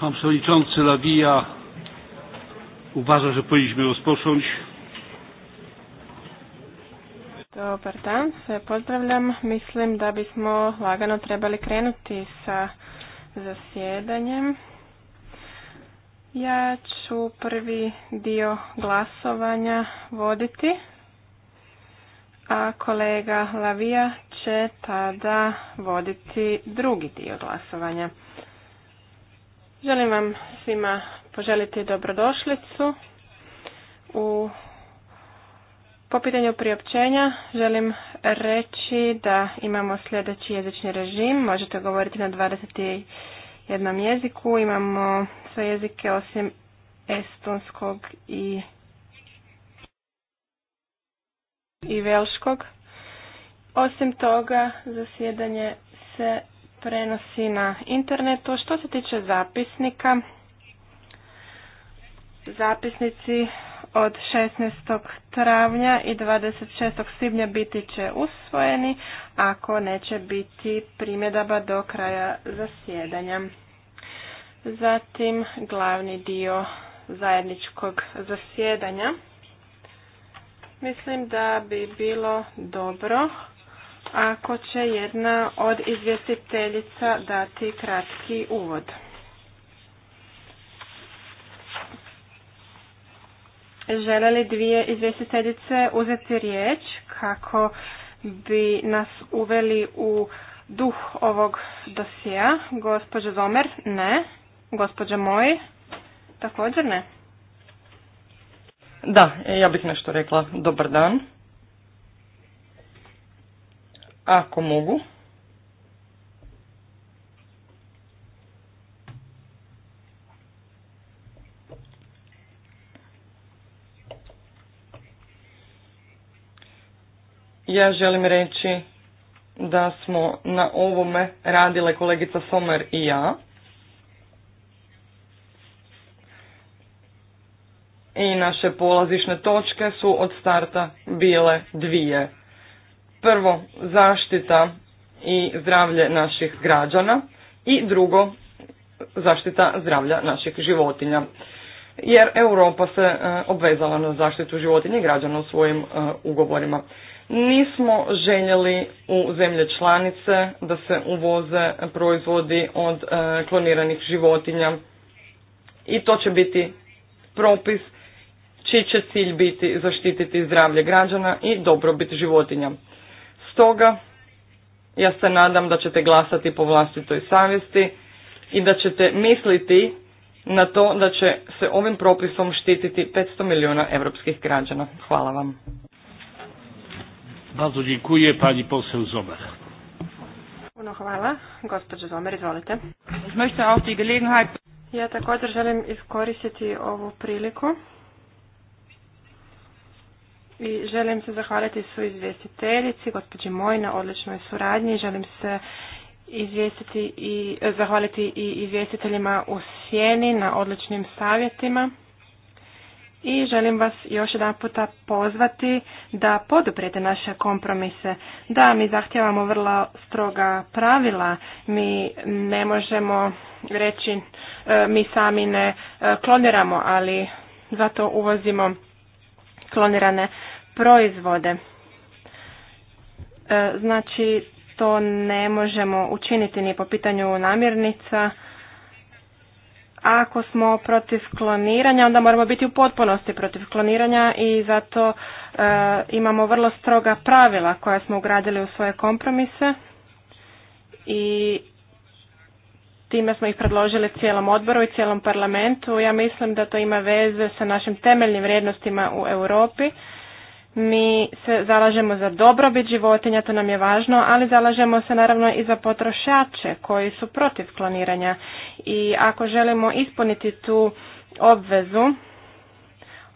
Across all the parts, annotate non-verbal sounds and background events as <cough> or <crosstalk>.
Pan przewodniczący Lawija uważa, że powinniśmy rozpocząć. Dobar dan, sve pozdravljam. Mislim da bismo lagano trebali krenuti sa zasjedanjem. Ja ću prvi dio glasovanja voditi, a kolega Lavija će tada voditi drugi dio glasovanja. Želim vam svima poželiti dobrodošlicu. U po pitanju priopćenja želim reći da imamo sljedeći jezični režim. Možete govoriti na 21 jeziku. Imamo sve jezike osim estonskog i i velškog. Osim toga, zasjedanje se prenosi na internetu. Što se tiče zapisnika, zapisnici od 16. travnja i 26. svibnja biti će usvojeni ako neće biti primjedaba do kraja zasjedanja. Zatim glavni dio zajedničkog zasjedanja. Mislim da bi bilo dobro ako će jedna od izvjestiteljica dati kratki uvod. Žele li dvije izvjestiteljice uzeti riječ kako bi nas uveli u duh ovog dosija? Gospođa Zomer? Ne. Gospođa Moj? Također ne. Da, ja bih nešto rekla. Dobar dan ako mogu. Ja želim reći da smo na ovome radile kolegica Somer i ja. I naše polazišne točke su od starta bile dvije. Prvo, zaštita i zdravlje naših građana i drugo, zaštita zdravlja naših životinja. Jer Europa se e, obvezala na zaštitu životinja i građana u svojim e, ugovorima. Nismo željeli u zemlje članice da se uvoze proizvodi od e, kloniranih životinja i to će biti propis čiji će cilj biti zaštititi zdravlje građana i dobrobit životinja. Stoga, ja se nadam da ćete glasati po vlastitoj savjesti i da ćete misliti na to da će se ovim propisom štititi 500 milijuna europskih građana. Hvala vam. Bardzo pani poseł hvala. Gospođo Zomer, izvolite. Ja također želim iskoristiti ovu priliku i želim se zahvaliti su izvjestiteljici, gospođi Moj, na odličnoj suradnji. Želim se izvjestiti i eh, zahvaliti i izvjestiteljima u sjeni na odličnim savjetima. I želim vas još jedan puta pozvati da poduprete naše kompromise. Da, mi zahtjevamo vrlo stroga pravila. Mi ne možemo reći eh, mi sami ne eh, kloniramo, ali zato uvozimo klonirane proizvode. E, znači, to ne možemo učiniti ni po pitanju namirnica. Ako smo protiv kloniranja, onda moramo biti u potpunosti protiv kloniranja i zato e, imamo vrlo stroga pravila koja smo ugradili u svoje kompromise i time smo ih predložili cijelom odboru i cijelom parlamentu. Ja mislim da to ima veze sa našim temeljnim vrijednostima u Europi mi se zalažemo za dobrobit životinja, to nam je važno, ali zalažemo se naravno i za potrošače koji su protiv kloniranja. I ako želimo ispuniti tu obvezu,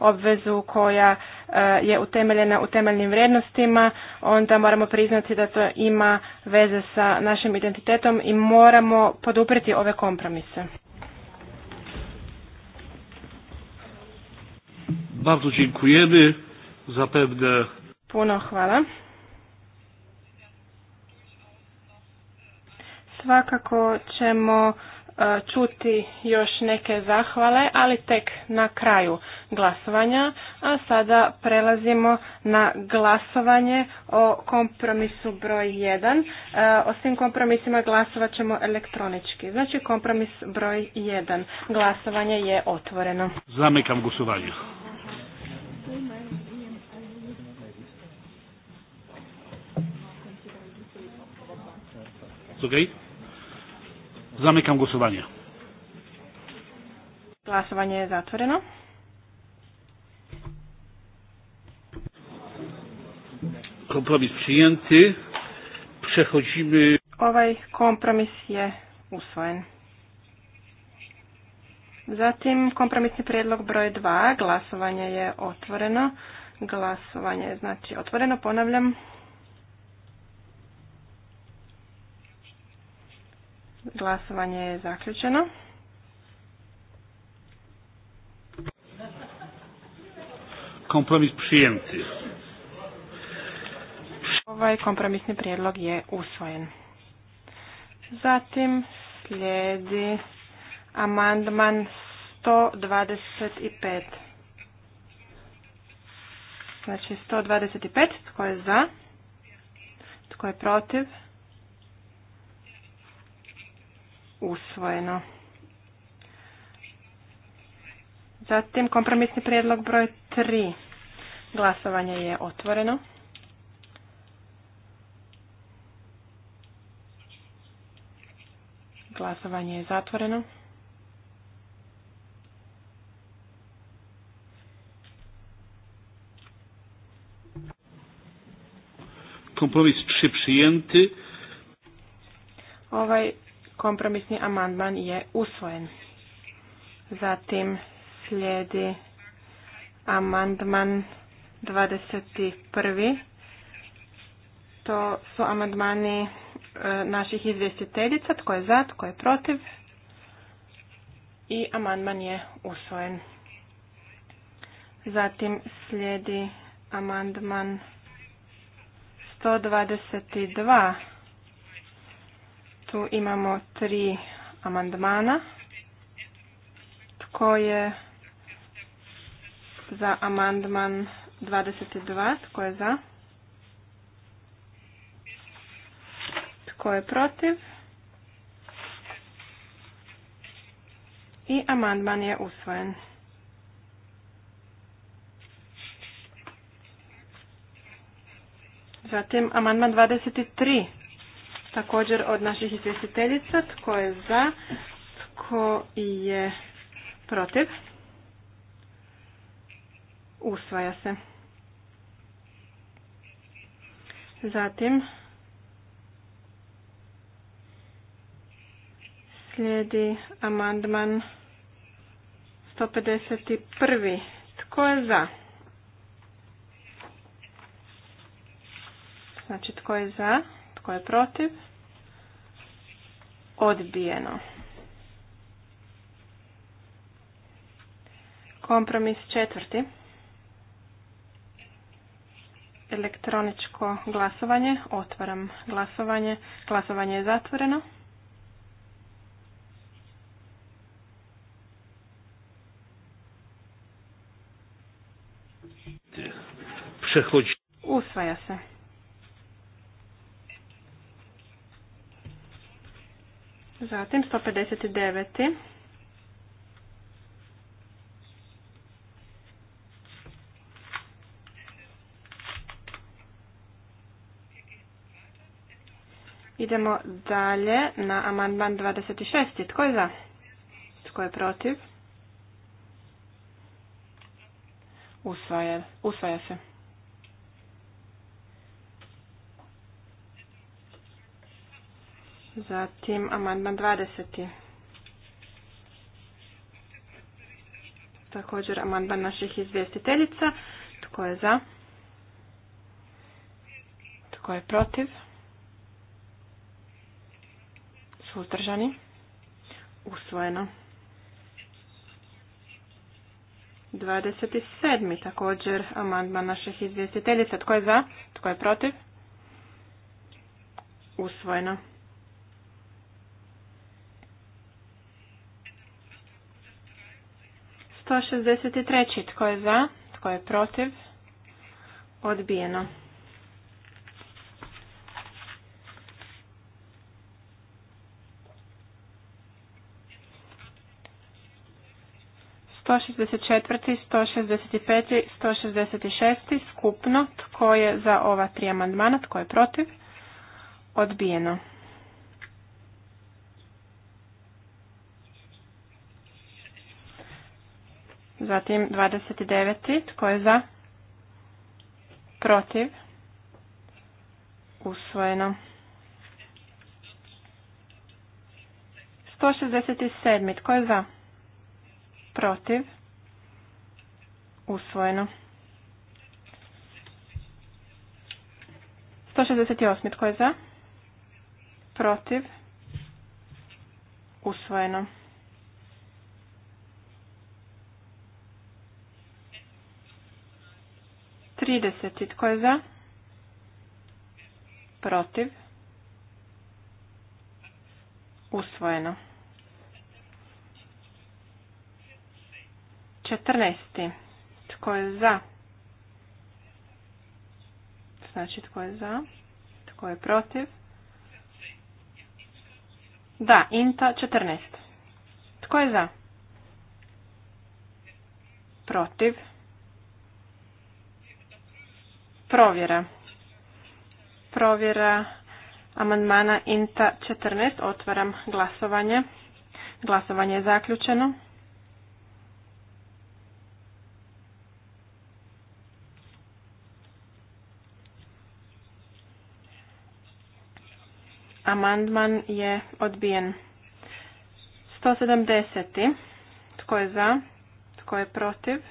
obvezu koja e, je utemeljena u temeljnim vrijednostima, onda moramo priznati da to ima veze sa našim identitetom i moramo poduprijeti ove kompromise. Bardzo Puno hvala. Svakako ćemo e, čuti još neke zahvale, ali tek na kraju glasovanja. A sada prelazimo na glasovanje o kompromisu broj 1. E, o svim kompromisima glasovat ćemo elektronički. Znači kompromis broj 1. Glasovanje je otvoreno. Zamekam glasovanje. ok? Zamykam głosowanie. Głosowanie jest zatvoreno Kompromis przyjęty. Przechodzimy... Ovaj kompromis je usvojen. Zatim kompromisni prijedlog broj 2. Glasovanje je otvoreno. Glasovanje je znači otvoreno. Ponavljam. Glasovanje je zaključeno. Kompromis prijemci. Ovaj kompromisni prijedlog je usvojen. Zatim slijedi amandman 125. Znači 125, tko je za, tko je protiv, usvojeno. Zatim kompromisni prijedlog broj 3. Glasovanje je otvoreno. Glasovanje je zatvoreno. Kompromis 3 Ovaj Kompromisni amandman je usvojen. Zatim slijedi amandman 21. To su amandmani e, naših izvjestiteljica. Tko je za, tko je protiv? I amandman je usvojen. Zatim slijedi amandman 122 tu imamo tri amandmana. Tko je za amandman 22? Tko je za? Tko je protiv? I amandman je usvojen. Zatim amandman 23 također od naših izvjestiteljica. Tko je za? Tko je protiv? Usvaja se. Zatim slijedi amandman 151. Tko je za? Znači, tko je za? Tko je protiv? Odbijeno. Kompromis četvrti. Elektroničko glasovanje. Otvaram glasovanje. Glasovanje je zatvoreno. Usvaja se. Zatim 159. Idemo dalje na amandman 26. Tko je za? Tko je protiv? Usvaja, usvaja se. Zatim amandman 20. Također amandman naših izvjestiteljica. Tko je za? Tko je protiv? Suzdržani? Usvojeno. 27. također amandman naših izvjestiteljica. Tko je za? Tko je protiv? Usvojeno. 163. Tko je za? Tko je protiv? Odbijeno. Sto šezdeset četiri, sto šezdeset pet, sto šezdeset šest skupno tko je za ova tri amandmana, tko je protiv, odbijeno. Zatim 29. Tko je za? Protiv? Usvojeno. 167. Tko je za? Protiv? Usvojeno. 168. Tko je za? Protiv? Usvojeno. 30. Tko je za? Protiv? Usvojeno. 14. Tko je za? Znači tko je za? Tko je protiv? Da, Inta 14. Tko je za? Protiv? provjera. Provjera amandmana INTA 14. Otvaram glasovanje. Glasovanje je zaključeno. Amandman je odbijen. 170. Tko je za? Tko je protiv?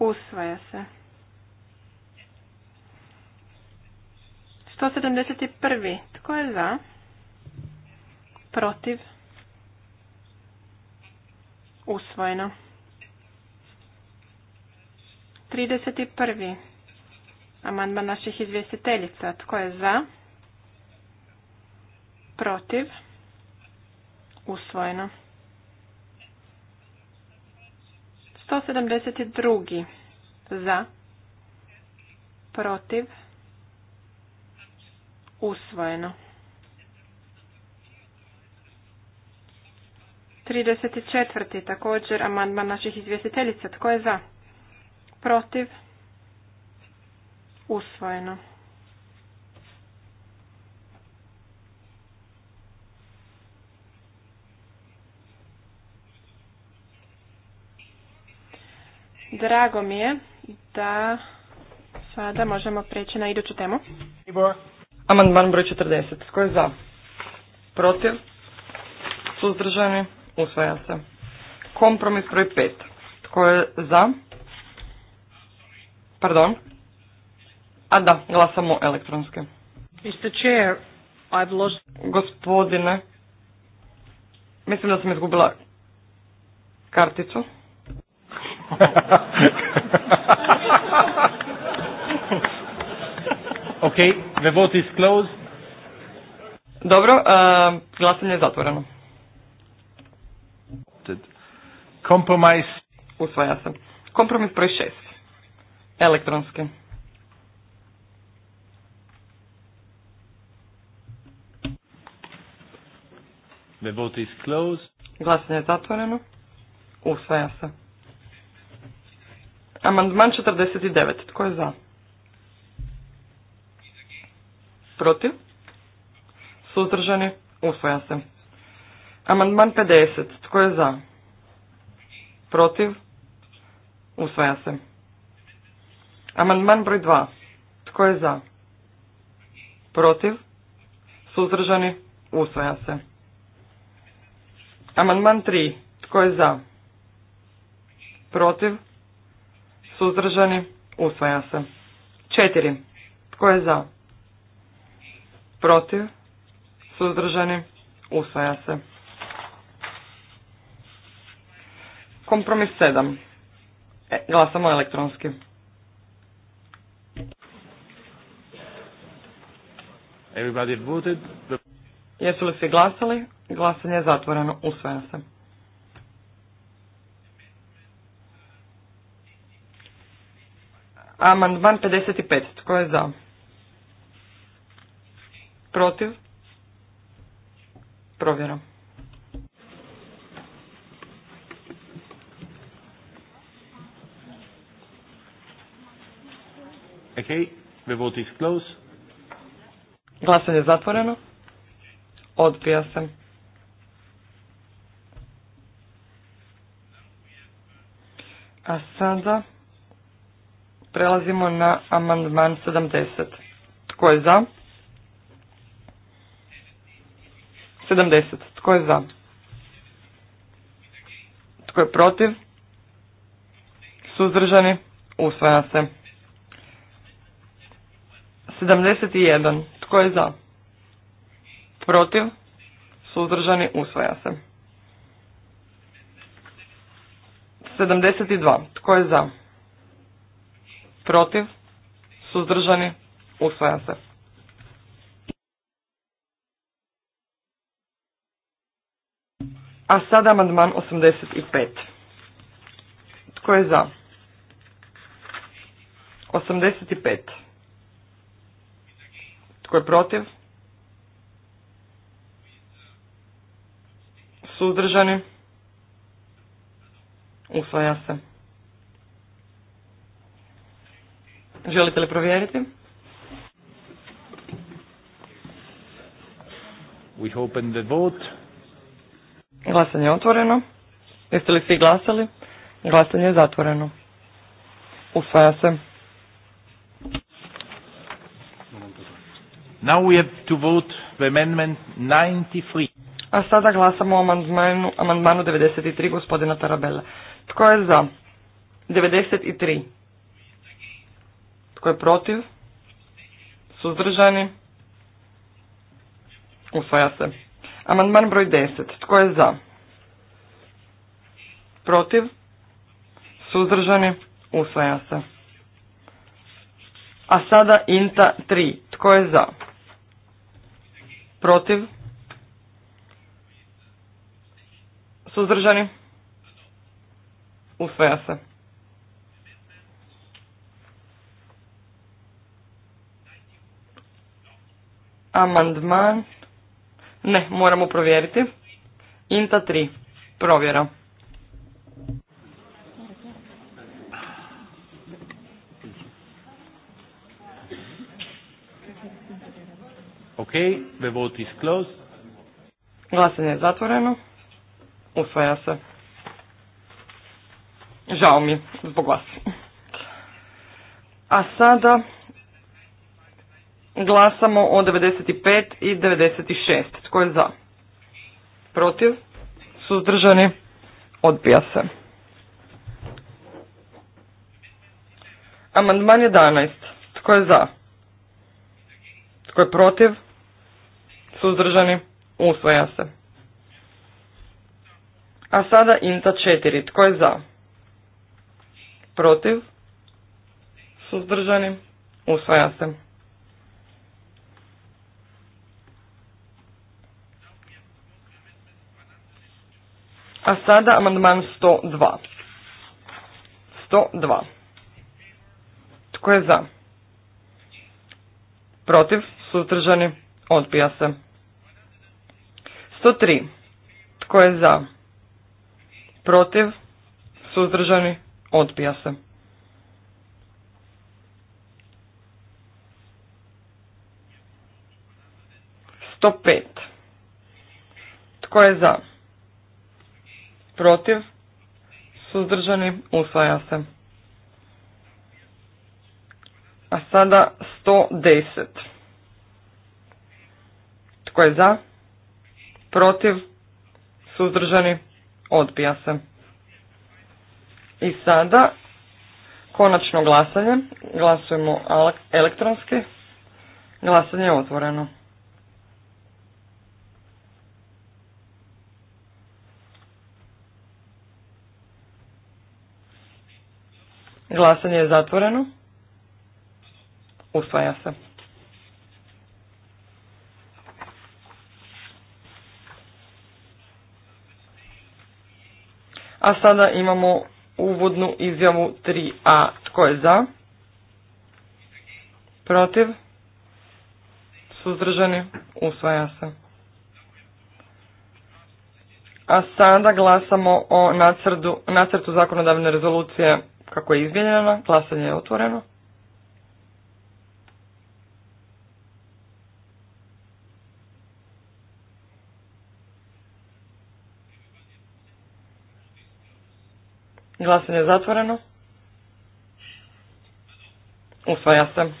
Usvaja se. 171. Tko je za? Protiv? Usvojeno. 31. Amandman naših izvjestiteljica. Tko je za? Protiv? Usvojeno. 172. Za. Protiv. Usvojeno. 34. Također amandman naših izvjestiteljica. Tko je za? Protiv. Usvojeno. Drago mi je da sada možemo preći na iduću temu. Amandman broj 40. Tko je za? Protiv? Suzdržani? Usvaja se. Kompromis broj 5. Tko je za? Pardon? A da, glasamo elektronski. Mr. Chair, I've lost... Gospodine, mislim da sam izgubila karticu. <laughs> okay, the vote is closed. Dobro, uh, glasanje je zatvoreno. Kompromis. Usvaja se. Kompromis broj šest. Elektronski. The vote is closed. Glasanje je zatvoreno. Usvaja se. Amandman 49. Tko je za? Protiv? Suzdržani? Usvoja se. Amandman 50. Tko je za? Protiv? Usvaja se. Amandman broj 2. Tko je za? Protiv? Suzdržani? Usvaja se. Amandman 3. Tko je za? Protiv? Suzdržani? Usvaja se. Četiri, Tko je za? Protiv? Suzdržani? Usvaja se. Kompromis sedam. E, glasamo elektronski. Everybody Jesu li svi glasali? Glasanje je zatvoreno. Usvaja se. Amandman 55. Tko je za? Protiv? Provjeram. Okay, the vote is closed. Glasanje je zatvoreno. Odbija se. A sada prelazimo na amandman 70. Tko je za? 70. Tko je za? Tko je protiv? Suzdržani? Usvaja se. 71. Tko je za? Protiv? Suzdržani? Usvaja se. 72. Tko je za? protiv, suzdržani, usvaja se. A sada amandman 85. Tko je za? 85. Tko je protiv? Suzdržani? Usvaja se. Želite li provjeriti? We open the vote. Glasanje je otvoreno. Jeste li svi glasali? Glasanje je zatvoreno. Usvaja se. Now we have to vote the amendment 93. A sada glasamo o amandmanu, amandmanu 93 gospodina Tarabela. Tko je za? 93. Tko je protiv? Suzdržani? Usvaja se. Amandman broj 10. Tko je za? Protiv? Suzdržani? Usvaja se. A sada INTA 3. Tko je za? Protiv? Suzdržani? Usvaja se. Amandman. Ne, moramo provjeriti. Inta 3. Provjera. Ok, the vote is closed. Glasanje je zatvoreno. Usvaja se. Žao mi je zbog vas. A sada Glasamo o 95 i 96. Tko je za? Protiv? Suzdržani? Odbija se. Amandman 11. Tko je za? Tko je protiv? Suzdržani? Usvaja se. A sada INTA 4. Tko je za? Protiv? Suzdržani? Usvaja se. A sada amandman 102. 102. Tko je za? Protiv? Sutržani? Odbija se. 103. Tko je za? Protiv? Suzdržani? Odbija se. 105. Tko je za? protiv, suzdržani, usvaja se. A sada 110. Tko je za? Protiv? Suzdržani? Odbija se. I sada konačno glasanje. Glasujemo elektronski. Glasanje je otvoreno. Glasanje je zatvoreno. Usvaja se. A sada imamo uvodnu izjavu 3a. Tko je za? Protiv? Suzdržani? Usvaja se. A sada glasamo o nacrtu, nacrtu zakonodavne rezolucije kako je izmijenjena, glasanje je otvoreno. Glasanje je zatvoreno. Usvaja se.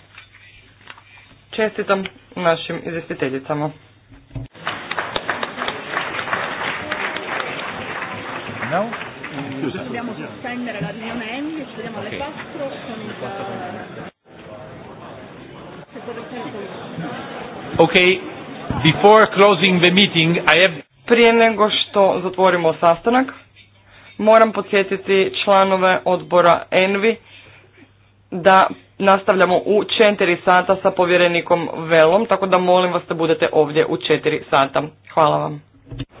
Čestitam našim izvjestiteljicama. No dobbiamo sospendere la riunione Envi, ci vediamo alle 4 con il... Okay, before closing the meeting, I have... Prije nego što zatvorimo sastanak, moram podsjetiti članove odbora Envi da nastavljamo u 4 sata sa povjerenikom Velom, tako da molim vas da budete ovdje u 4 sata. Hvala vam.